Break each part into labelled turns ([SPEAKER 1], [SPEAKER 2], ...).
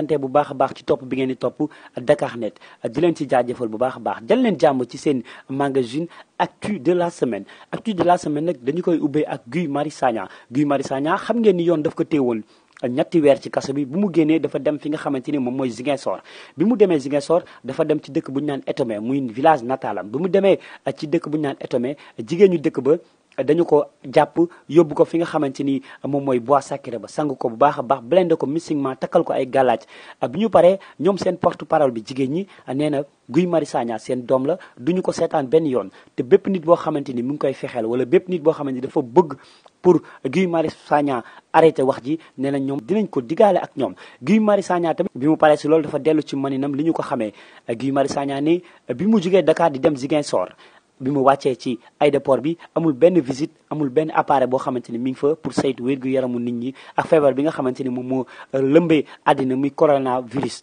[SPEAKER 1] sante bu baax a baax ci topp bi ngeen di topp Dakar Net a leen ci jaajëfal bu baax a baax dal leen jàmm ci seen magazine actu de la semaine actu de la semaine nag dañu koy ubbee ak Guy Marius Sagna Guy Marius Sagna xam ngeen ni yoon daf ko téewoon ñetti weer ci kaso bi bu mu génnee dafa dem fi nga xamante moom mooy Ziguinchor bi mu demee Ziguinchor dafa dem ci dëkk bu ñu naan muy village natalam bi mu demee ci dëkk bu ñu naan Etomé jigéen dëkk dañu ko jàpp yóbbu ko fi nga xamante ni moom mooy bois sacré ba sang ko bu baax a baax blende ko missingement takkal ko ay gàllaaj ah, bi ñu paree ñoom seen porte parole bi jigéen ñi ah, nee na Guy mari Sagna seen doom la du ñu ko seetaan benn yoon te bépp nit boo xamante ni mu ngi koy fexeel wala bépp nit boo xamante ni dafa bëgg pour Guy mari Sagna arrêté wax ji nee na ñoom dinañ ko digaale ak ñoom Guy mari Sagna tamit bi mu paree si loolu dafa dellu ci maninam li ñu ko xamee ah, Guy Marius Sagna ni bi mu jugee Dakar di dem Ziguinchor bi mu wàccee ci ay aéroport bi amul benn visite amul benn appareil boo xamante ni mi ngi fa pour saytu wér-gu-yaramu nit ñi ak feebar bi nga xamante ni moom moo lëmbee àddina muy coronavirus.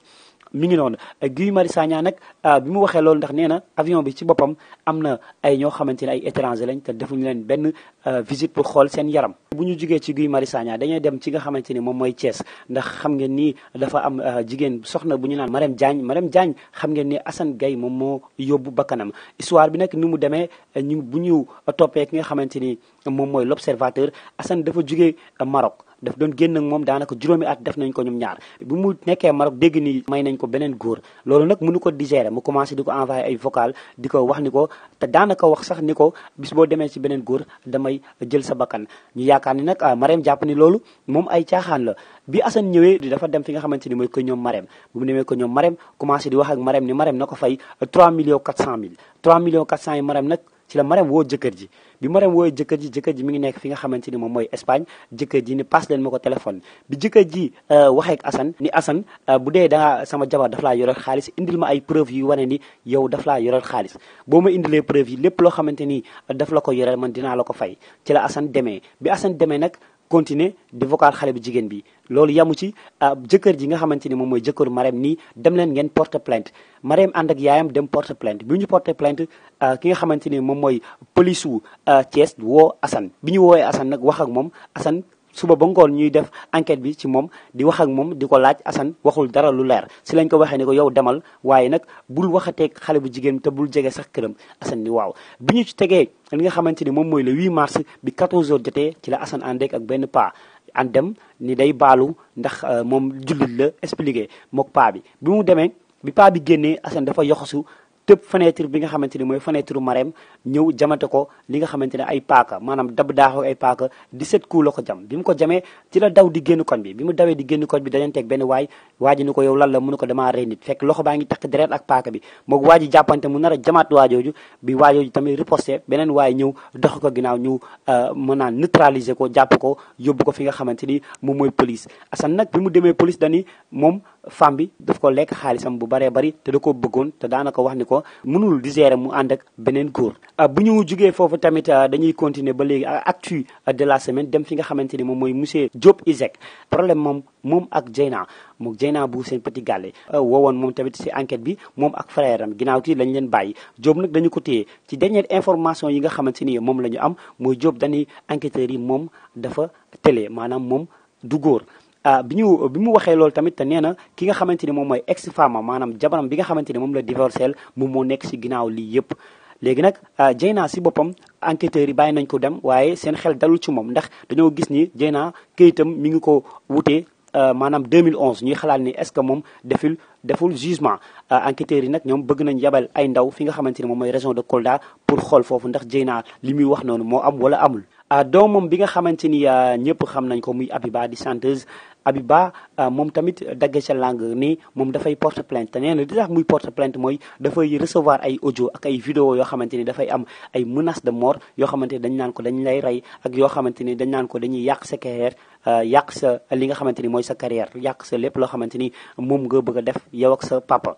[SPEAKER 1] mi ngi noonu Guy mari Sagna nag ah, bi mu waxee loolu ndax nee na avion bi ci boppam am na ay ñoo xamante ne ay étranger lañ te defuñu leen benn ah, visite pour xool seen yaram. bu ñu jugee ci Guy Marius Sagna dañuy dem ci nga xamante ni moom mooy Thiès ndax xam ngeen ni dafa am ah, jigéen soxna bu ñu naan Marème Diagne Marème Diagne xam ngeen ni assan gay moom moo yóbbu bakkanam histoire bi nag ni mu demee ñu bu ñu toppee ki nga xamante ni moom mooy l'observateur Assane dafa jugee Maroc. daf doon génn moom daanaka juróomi at def nañ ko ñoom ñaar bi mu nekkee Maroc dégg ni may nañ ko beneen góor loolu nag mënu ko digérer mu commencé di ko envoyé ay vocal di ko wax ni ko te daanaka wax sax ni ko bis boo demee si beneen góor damay jël sa bakkan ñu yaakaar ni nag ah, Marème jàpp ni loolu moom ay caaxaan la bi Assane ñëwee dafa dem fi nga xamante ni mooy ko ñoom Marème bu mu demee ko ñoom Marème commencé di wax ak Marème ni Marème na ko fay 3 millions 400 mille 3 millions 400 nag ci la Marème woo jëkkër ji bi Marème woo jëkkër ji jëkkër ji mi ngi nekk fi nga xamante ni moom mooy Espagne jëkkër ji ni passe leen ma ko téléphone bi jëkkër ji euh, waxeek ak ni Assane euh, bu dee dangaa sama jabar daf laa yoral xaalis indil ma ay preuve yu wane ni yow daf laa yoral xaalis boo ma indilee preuve yi lépp loo xamante ni daf la ko yoral man dinaa la ko fay ci la Assane demee bi Assane demee nag continuer di vocal xale bu jigéen bi loolu yamu ci ah, jëkkër ji nga xamante ni moom mooy jëkkëru Marème nii dem leen ngeen porte plainte Marème ànd ak yaayam dem porte plainte bi ñu porte plainte ah, ki nga xamante ni moom mooy police wu ah, Thiès woo Assane bi ñu woowee Assane nag wax ak moom Assane suba ba ngoon ñuy def enquête bi ci moom di wax ak moom di ko laaj Assane waxul dara lu leer si lañ ko waxee ni ko yow demal waaye nag bul waxateeg xale bu jigéen te bul jege sax këram Assane ni waaw bi ñu ci tegee li nga xamante ni moom mooy la 8 mars bi 14 heures jotee ci la Assane àndeek ak benn paa an dem ni day baalu ndax euh, moom jullit la expliqué mook paa bi bi mu demee bi paa bi génnee Assane dafa yoxasu tëb fenêtre bi nga xamante ni mooy fenêtre mareem ñëw jamate ko li nga xamante ne ay paaka maanaam dab daaxoo ay paaka di coups la ko jam bi mu ko jamee ci la daw di génn kon bi bi mu dawee di génn koñ bi dañeen teg benn waay waa ji ni ko yow lan la mënu ko damaa rey nit fekk loxo baa ngi takk deret ak paaka bi moog waa ji jàppante mu nar a jamaat waajooju bi waajooju tamit riposté beneen waay ñëw dox ko ginnaaw ñu euh, mën naan neutraliser ko jàpp ko yóbbu ko fi nga xamante ni moom mooy police Assane nag bi mu demee police dani moom femme bi daf ko lekk xaalisam bu baree bari te da ko bëggoon te daanaka wax ni ko mënul di gérer mu ànd ak beneen góor euh, bu ñu jugee foofu tamit euh, dañuy continuer ba léegi actu de la semaine dem fi nga xamante ni moom mooy monsieur Diop Isaac problème moom moom ak Dieyna moom Dieyna bu seen petit gàlle euh, woowoon moom tamit si enquête bi moom ak frère am kii ki leen bàyyi Diop nag dañu ko téye ci dernière information yi nga xamante ni moom la ñu am mooy Diop dañuy enquêteurs yi moom dafa télé maanaam moom du góor ah bi ñu bi mu waxee loolu tamit te nee na ki nga xamante ni moom mooy ex femme maanaam jabaram bi nga xamante ni moom la divorcé moom moo nekk si ginnaaw lii yëpp léegi nag Dieyna euh, si boppam enquêteurs yi bàyyi nañ ko dem waaye seen xel dalul ci moom ndax dañoo gis ni Dieyna këyitam mi ngi ko wutee Euh, maanaam 2011 ñuy xalaat ni est-ce que moom deful deful jugement euh, enquêteurs yi nag ñoom bëgg nañ yabal ay ndaw fi nga xamante ni moom mooy région de Kolda pour xool foofu ndax Dieyna li muy wax noonu moo am wala amul. moom euh, bi nga xamante ni euh, ñëpp xam nañ ko muy Abiba di chanteuse Abiba euh, moom tamit dagg ca langue nii moom dafay porte plainte te nee na tax muy porte plainte mooy dafay recevoir ay audio ak ay vidéo yoo xamante ni dafay am ay menaces de mort yoo xamante ni dañ naan ko dañ lay rey ak yoo xamante ni dañ naan ko dañuy yàq sa carrière yàq sa li nga xamante ni mooy sa carrière yàq sa lépp loo xamante ni moom nga bëgg a def yow ak sa papa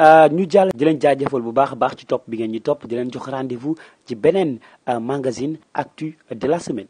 [SPEAKER 1] Euh, ñu jàll di leen jaajëfal bu baax a baax ci topp bi ngeen ñi topp di leen jox rendez-vous ci beneen euh, magazine actu de la semaine